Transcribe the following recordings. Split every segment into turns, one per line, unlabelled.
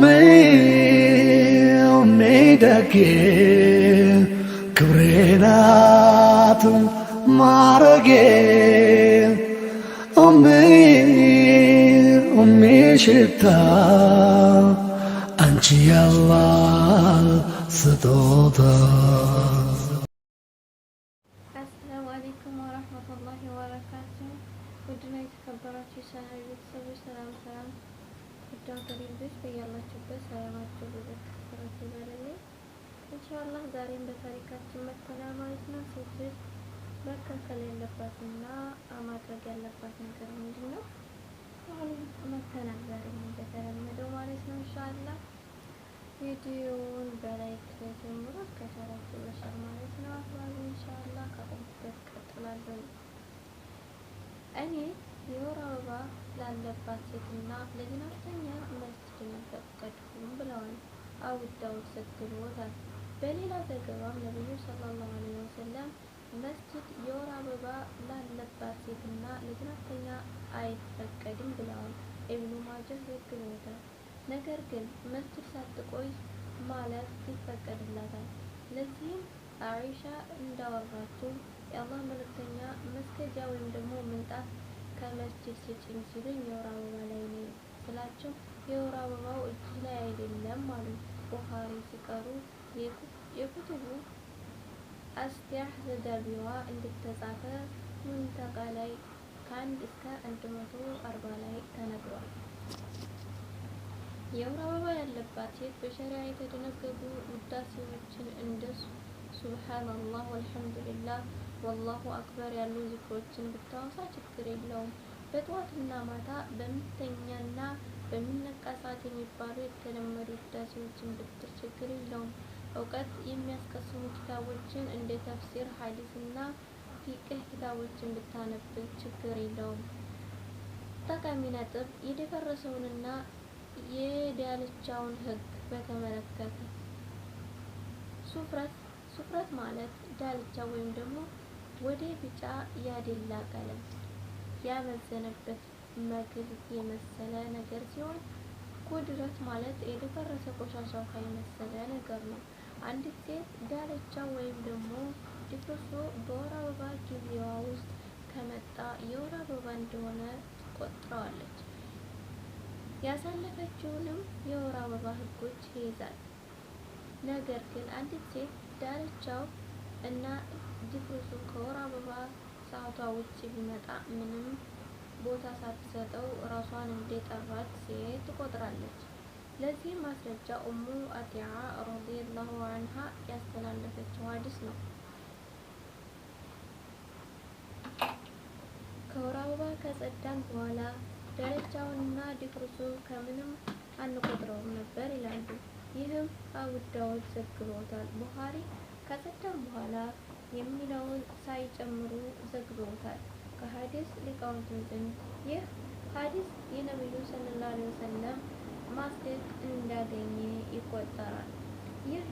ሜሜደጌ ክብሬናት ማረጌ ሽታ አንቺ ያላል ስጦታ
አሰላሙ አሌይኩም ወረህመቱላሂ ወበረካቱህ። ሰላም ሰላም ውድ ሀገሬ ልጆች በያላችሁበት ሰላማችሁ ብዙ ትኩረት ይበልልኝ። ኢንሻአላህ ዛሬም በታሪካችን መጥተናል ማለት ነው። ሴት ልጅ መካከል ያለባትና ማድረግ ያለባት ነገር ምንድን ነው? አሁን መጥተናል ዛሬም እንደተለመደው ማለት ነው። ኢንሻአላህ ቪዲዮውን በላይክ ጀምሮ ከሰራችሁ ለሻር ማለት ነው። አሁን ኢንሻአላህ ከቆምኩበት ቀጥላለሁ። እኔ የወር አበባ ላለባት ሴትና ለዝናተኛ መስጅድን ፈቀድኩም ብለዋል። አቡዳውድ ዘግቦታል። በሌላ ዘገባም ነቢዩ ሰለላሁ ዐለይሂ ወሰለም መስጅድ የወር አበባ ላለባት ሴትና ለዝናተኛ አይፈቀድም ብለዋል። ኢብኑ ማጀህ ዘግቦታል። ነገር ግን መስጅድ ሳትቆይ ማለፍ ይፈቀድላታል። ለዚህም አይሻ እንዳወራችው የአላህ መልእክተኛ መስገጃ ወይም ደግሞ ምንጣፍ ከመስጅድ ስጭኝ ሲሉኝ የወር አበባ ላይ ነው ስላቸው የወር አበባው እጅ ላይ አይደለም አሉ። ቡኻሪ ሲቀሩ የኩቱቡ አስቲያህ ዘጋቢዋ እንደተጻፈ ሙንተቃ ላይ ከአንድ እስከ አንድ መቶ አርባ ላይ ተነግሯል። የወር አበባ ያለባት ሴት በሸሪያ የተደነገጉ ውዳሴዎችን እንደ ሱብሃነላህ ወልሐምዱሊላህ ወላሁ አክበር ያሉ ዝክሮችን ብታወሳ ችግር የለውም። በጠዋትና ማታ በምተኛና በሚነቃ ሰዓት የሚባሉ የተለመዱ ውዳሴዎችን ብትል ችግር የለውም። እውቀት የሚያስቀስሙ ኪታቦችን እንደ ተፍሲር፣ ሀዲስ እና ፊቅህ ኪታቦችን ብታነብ ችግር የለውም። ጠቃሚ ነጥብ የደፈረሰውንና የዳልቻውን ህግ በተመለከተ ሱፍረት ሱፍረት ማለት ዳልቻ ወይም ደግሞ ወደ ቢጫ ያደላ ቀለም ያመዘነበት ምግብ የመሰለ ነገር ሲሆን ጉድረት ማለት የደፈረሰ ቆሻሻ ውሃ የመሰለ ነገር ነው። አንዲት ሴት ዳርቻ ወይም ደግሞ ድፍርሶ በወር አበባ ጊዜዋ ውስጥ ከመጣ የወር አበባ እንደሆነ ትቆጥረዋለች። ያሳለፈችውንም የወር አበባ ህጎች ይይዛል። ነገር ግን አንዲት ሴት ዳርቻው እና ድፍርሱ ከወር አበባ ሰዓቷ ውጭ ቢመጣ ምንም ቦታ ሳትሰጠው ራሷን እንደጠራች ሴት ትቆጥራለች። ለዚህ ማስረጃ ኡሙ አቲያ ረዲየላሁ አንሃ ያስተላለፈችው ሀዲስ ነው። ከወር አበባ ከጸዳን በኋላ ደረጃውንና ድፍርሱን ከምንም አንቆጥረውም ነበር ይላሉ። ይህም አቡ ዳውድ ዘግበውታል። ቡኻሪ ከሰደም በኋላ የሚለውን ሳይጨምሩ ዘግበውታል። ከሀዲስ ሊቃውንት ግን ይህ ሀዲስ የነቢዩ ሰለላሁ ዐለይሂ ወሰለም ማስደቅ እንዳገኘ ይቆጠራል። ይህ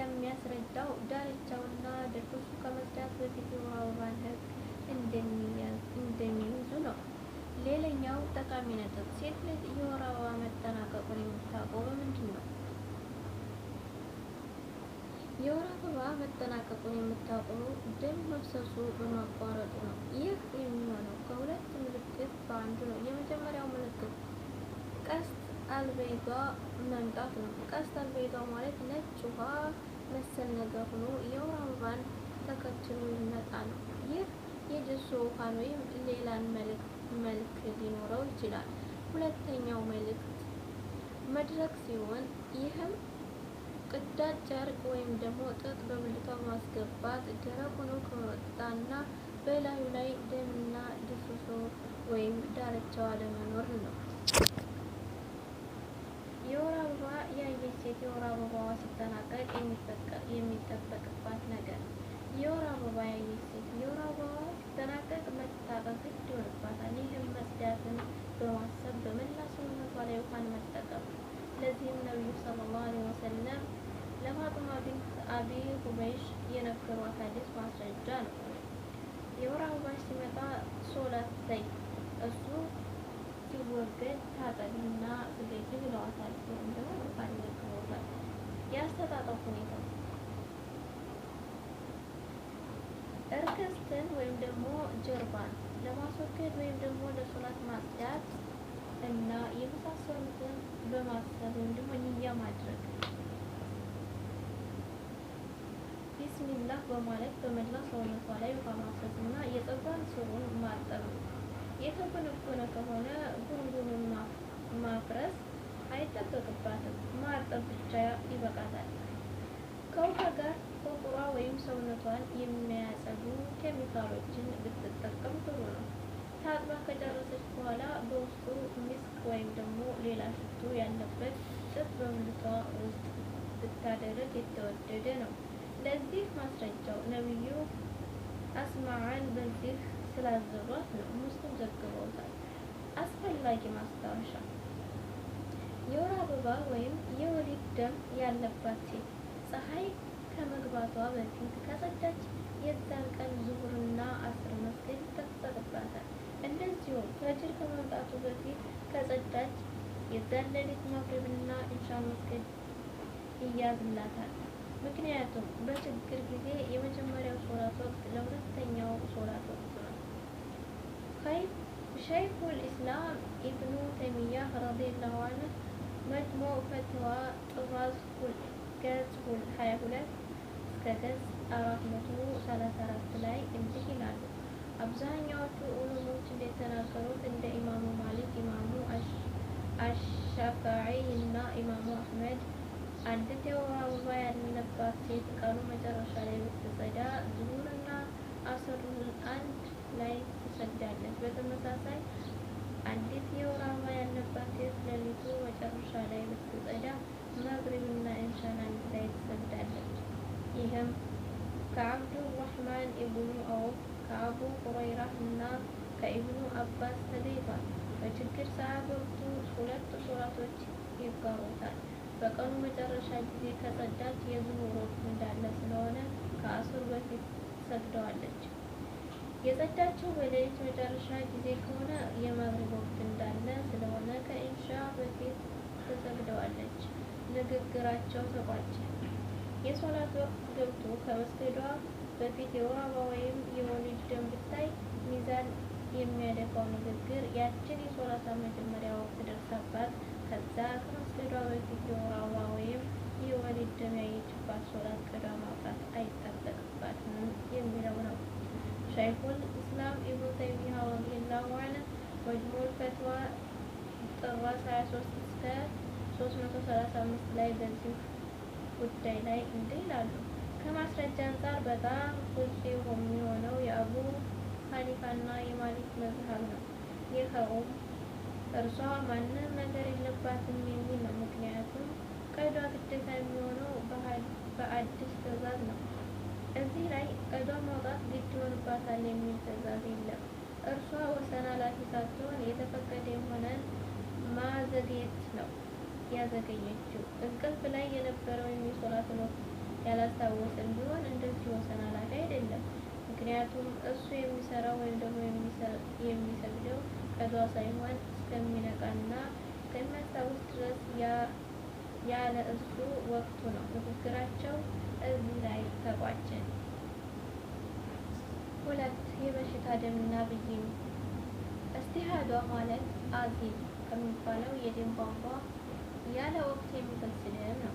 የሚያስረዳው ዳርቻውና ደርሶቹ ከመስዳት በፊት የውሃ ውሃን ህግ እንደሚይዙ ነው። ሌላኛው ጠቃሚ ነጥብ ሴት ልጅ የወር አበባ መጠናቀቁን የምታውቀው በምንድን ነው? የወር አበባ መጠናቀቁን የምታውቀው ደም መፍሰሱ በማቋረጡ ነው። ይህ የሚሆነው ከሁለት ምልክት በአንዱ ነው። የመጀመሪያው ምልክት ቀስት አልቤዛ መምጣት ነው። ቀስት አልቤዛ ማለት ነጭ ውሃ መሰል ነገር ሆኖ የወር አበባን ተከትሎ ይመጣ ነው። ይህ የድርሶ ውሃን ወይም ሌላን መልክ ሊኖረው ይችላል። ሁለተኛው መልእክት መድረክ ሲሆን ይህም ቅዳት ጨርቅ ወይም ደግሞ ጥጥ በብልቷ ማስገባት ደረቅ ሆኖ ከወጣና በላዩ ላይ ደምና ድፍርሶ ወይም ዳርቻው አለመኖር ነው። የወር አበባ ያየች ሴት የወር አበባዋ ሲጠናቀቅ የሚጠበቅባት ነገር ነው። የወር አበባ ያየች ሴት የወር አበባዋ ሲጠናቀቅ መታጠብ ግድ ይሆንባታል። ይህም መጽዳትን በማሰብ በመላ ሰውነቷ ላይ ውሃን መጠቀም ነው። ለዚህም ነቢዩ ሰለላሁ ዐለይሂ ወሰለም ለፋጡማ ቢንት አቢ ሁበይሽ የነገሯት ሐዲስ ማስረጃ ነው። የወር አበባሽ ሲመጣ ሶላት ተይ፣ እሱ ሲወገድ ታጠቢና ዝገጅ ብለዋታል። ወይም ደግሞ ቡኻሪ ዘግቦታል። የአስተጣጠብ ሁኔታ እርክስትን ወይም ደግሞ ጀርባን ለማስወገድ ወይም ደግሞ ለሶላት ማጽዳት እና የመሳሰሉትን በማሰብ ወይም ደግሞ ንያ ማድረግ ቢስሚላህ በማለት በመላ ሰውነቷ ላይ ውሃ እና የፀጉሯን ስሩን ማጠብ ነው። የተጎነጎነ ከሆነ ጉንጉኑን ማፍረስ አይጠበቅባትም፣ ማጠብ ብቻ ይበቃታል። ከውሃ ጋር ቆቁሯ ወይም ሰውነቷን የሚያጸዱ ኬሚካሎችን ብትጠቀም ጥሩ ነው። ታጥባ ከጨረሰች በኋላ በውስጡ ሚስክ ወይም ደግሞ ሌላ ሽቱ ያለበት ጥጥ በምልቷ ውስጥ ብታደረግ የተወደደ ነው። ለዚህ ማስረጃው ነብዩ አስማዓን በዚህ ስላዘሯት ነው። ሙስሊም ዘግበውታል። አስፈላጊ ማስታወሻ የወር አበባ ወይም የወሊድ ደም ያለባት ሴት ፀሐይ ከመግባቷ በፊት ከጸዳች የዛን ቀን ዙሁርና አስር መስገድ ይጠበቅባታል። እንደዚሁም ፈጅር ከመምጣቱ በፊት ከጸዳች የዛን ሌሊት ማግሪብና ኢንሻ መስገድ ይያዝላታል። ምክንያቱም በችግር ጊዜ የመጀመሪያው ሶላት ወቅት ለሁለተኛው ሶላት ወቅት ነው። ሸይኹል ኢስላም ኢብኑ ተይሚያህ ረዲየላሁ ዐንሁ መጅሙዕ ፈትዋ ጥራዝ ገጽ ሀያ ሁለት እስከ ገጽ አራት መቶ ሰላሳ አራት ላይ እንዲህ ይላሉ። አብዛኛዎቹ ዑለሞች እንደተናገሩት እንደ ኢማሙ ማሊክ፣ ኢማሙ አሻፋዒ እና ኢማሙ አህመድ አንዲት የወር አበባ ያለባት ሴት ቀኑ መጨረሻ ላይ ብትጸዳ ብዙ በቀኑ መጨረሻ ጊዜ ከጸዳች የዙሁር ወቅት እንዳለ ስለሆነ ከአሱር በፊት ሰግደዋለች። የጸዳችው በሌሊት መጨረሻ ጊዜ ከሆነ የማግሪብ ወቅት እንዳለ ስለሆነ ከኢንሻ በፊት ተሰግደዋለች። ንግግራቸው ተቋጨ። የሶላት ወቅት ገብቶ ከመስገዷ በፊት የወር አበባ ወይም የወሊድ ደም ብታይ ሚዛን የሚያደፋው ንግግር ያችን የሶላት መጀመሪያ ወቅት ደርሳባት ከዛ ከመስገዷ በፊት የወር አበባ ወይም የወሊድ ደም ያየችባት ሶላት ቀዷ ማውጣት አይጠበቅባትም የሚለው ነው። ሸይኹል እስላም ኢብኑ ተይሚያ ረዲየላሁ ዐንሁ መጅሙዕ ፈትዋ ጥር 23 እስከ 335 ላይ በዚህ ጉዳይ ላይ እንዲህ ይላሉ። ከማስረጃ አንጻር በጣም ቁጭ የሚሆነው የአቡ ሀኒፋና የማሊክ መዝሀብ ነው። ይኸውም እርሷ ማንም ነገር የለባትም የሚል ነው። ምክንያቱም ቀዷ ግዴታ የሚሆነው በአዲስ ትዕዛዝ ነው። እዚህ ላይ ቀዷ ማውጣት ግድ ይሆንባታል የሚል ትዕዛዝ የለም። እርሷ ወሰን አላፊ ሳትሆን የተፈቀደ የሆነን ማዘግየት ነው ያዘገየችው። እንቅልፍ ላይ የነበረው የሶላትን ወቅት ያላስታወሰን ቢሆን እንደዚህ ወሰን አላፊ አይደለም። ምክንያቱም እሱ የሚሰራው ወይም ደግሞ የሚሰግደው ቀዷ ሳይሆን እስከሚነቃና እስከሚያስታውስ ድረስ ያለ እሱ ወቅቱ ነው። ንግግራቸው እዚህ ላይ ተቋጭን ሁለት የበሽታ ደምና ብይን እስቲሃዷ ማለት አዚል ከሚባለው የደም ቧንቧ ያለ ወቅት የሚፈልስ ደም ነው።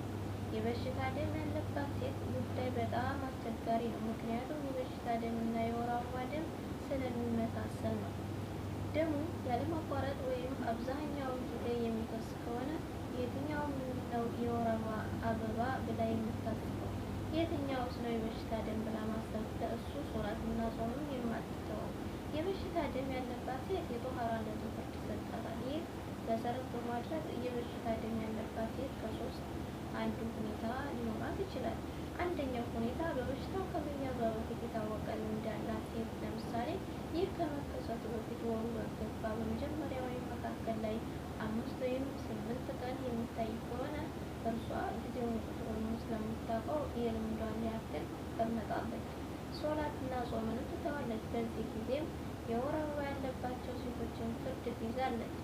የበሽታ ደም ያለባት ሴት ጉዳይ በጣም አስቸጋሪ ነው። ምክንያቱም የበሽታ ደምና የወር አበባ ደም ስለሚመሳሰል ነው። ደሙ ያለማቋረጥ ወይም አብዛኛው ጊዜ የሚፈስ ከሆነ የትኛውም ነው የወር አበባ ብላ የምታስበው? የትኛውስ ነው የበሽታ ደም ብላ ማሰብ? ለእሱ እና ጾምም የማትተወው የበሽታ ደም ያለባት ሴት የጦሃራነቱ ፍርድ ይሰጣታል። ይህ መሰረት በማድረግ የበሽታ ደም ያለባት ሴት ከሶስት አንዱ ሁኔታ ሊኖራት ይችላል። አንደኛው ሁኔታ በበሽታው ከመያዟ በፊት የታወቀ ልምድ ያላት ሴት ለምሳሌ ይህ ከመከሰቱ በፊት ወሩ በገባ በመጀመሪያ ወይም መካከል ላይ አምስት ወይም ስምንት ቀን የሚታይ ከሆነ እርሷ ጊዜውን ቁጥሩን ስለምታውቀው የልምዷን ያክል ትቀመጣለች። ሶላትና ጾምን ትተዋለች። በዚህ ጊዜም የወር አበባ ያለባቸው ሴቶችን ፍርድ ትይዛለች።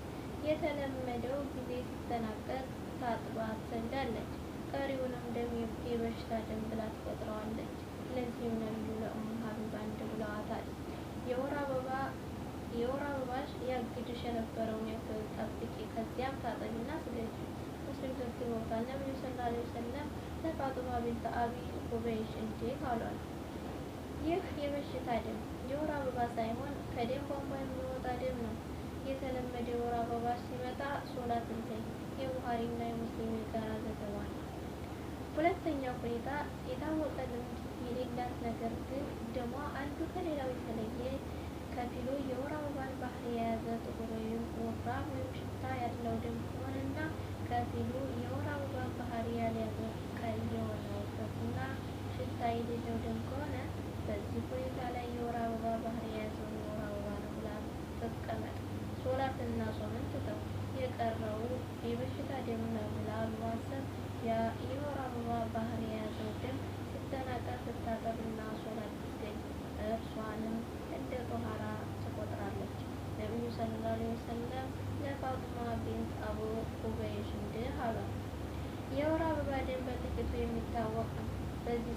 የተለመደው ጊዜ ሲጠናቀቅ ታጥባ ትሰግዳለች። ቀሪውንም ደም የበሽታ ደም ብላ ትቆጥረዋለች። ወሊድ በአብይ ጉበይሽ እንዴት አሏል። ይህ የበሽታ ደም የወር አበባ ሳይሆን ከደም ቧንቧ የሚወጣ ደም ነው። የተለመደ የወር አበባ ሲመጣ ሶላት እንተይ የቡሃሪና የሙስሊም የጋራ ዘገባ ነው። ሁለተኛው ሁኔታ የታወቀ ልምድ የሌላት ነገር ግን ደሟ አንዱ ከሌላው የተለየ ከፊሉ የወር አበባን ባህሪ የያዘ ጥቁር ወይም ወፍራም ወይም ሽታ ያለው ደም ከሆነና ከፊሉ የወር አበባን ባህሪ ያልያዘ ቀይ የሆነበት እና ሽታ የሌለው ደም ከሆነ በዚህ ሁኔታ ላይ የወር አበባ ባህሪያ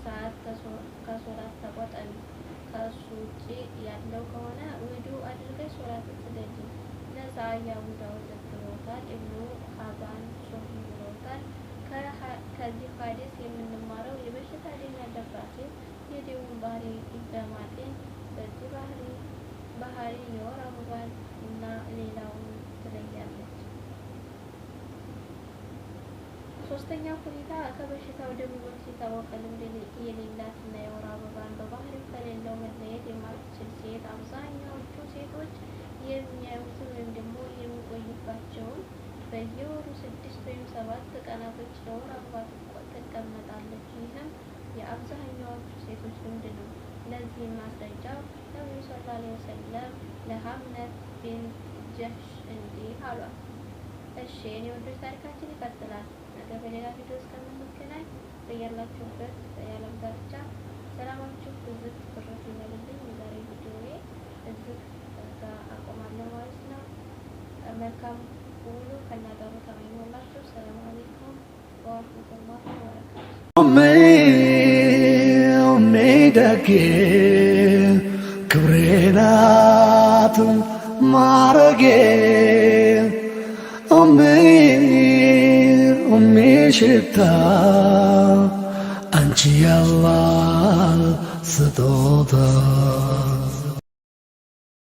ሰዓት ከሶላት ተቆጠቢ። ከእሱ ውጭ ያለው ከሆነ ውዱ አድርገሽ ሶላት ስገጂ። ነሳ አቡ ዳውድ ዘግበውታል፣ ኢብኑ ሀባን ሶሂ ብለውታል። ከዚህ ሀዲስ የምንማረው የበሽታ ደኛ ደባሴ የዲውን ባህሪ በማጤን በዚህ ባህሪ የወር አበባን እና ሌላውን ሶስተኛ ሁኔታ ከበሽታ ወደ ብዙዎች ሲታወቀ ልምድ የሌላት እና የወር አበባን በባህሪው ከሌለው መለየት የማትችል ሴት አብዛኛዎቹ ሴቶች የሚያዩትን ወይም ደግሞ የሚቆዩባቸውን በየወሩ ስድስት ወይም ሰባት ቀናቶች ለወር አበባ ትቀመጣለች። ይህም የአብዛኛዎቹ ሴቶች ልምድ ነው። ለዚህም ማስረጃ ነቢዩ ሰለላሁ ዐለይሂ ወሰለም ለሀምነት ቢንት ጀሽ እንዲህ አሏል። እሺ የኔ ወንዶች ታሪካችን ይቀጥላል። ነገ በሌላ ቪዲዮ እስከምንገናኝ በያላችሁበት የዓለም ዳርቻ ሰላማችሁ ብዝት ብረት ይበልልኝ። የዛሬ ቪዲዮዬ እዚህ ጋር አቆማለሁ ማለት ነው። መልካም ሁሉ ከናገሩ ተመኝላችሁ ሰላም አለይኩም ወራህመቱላሂ ወበረካቱ ክብሬ ናት ማረጌ የህልሜ ሽታ አንቺ ያላ ስጦታ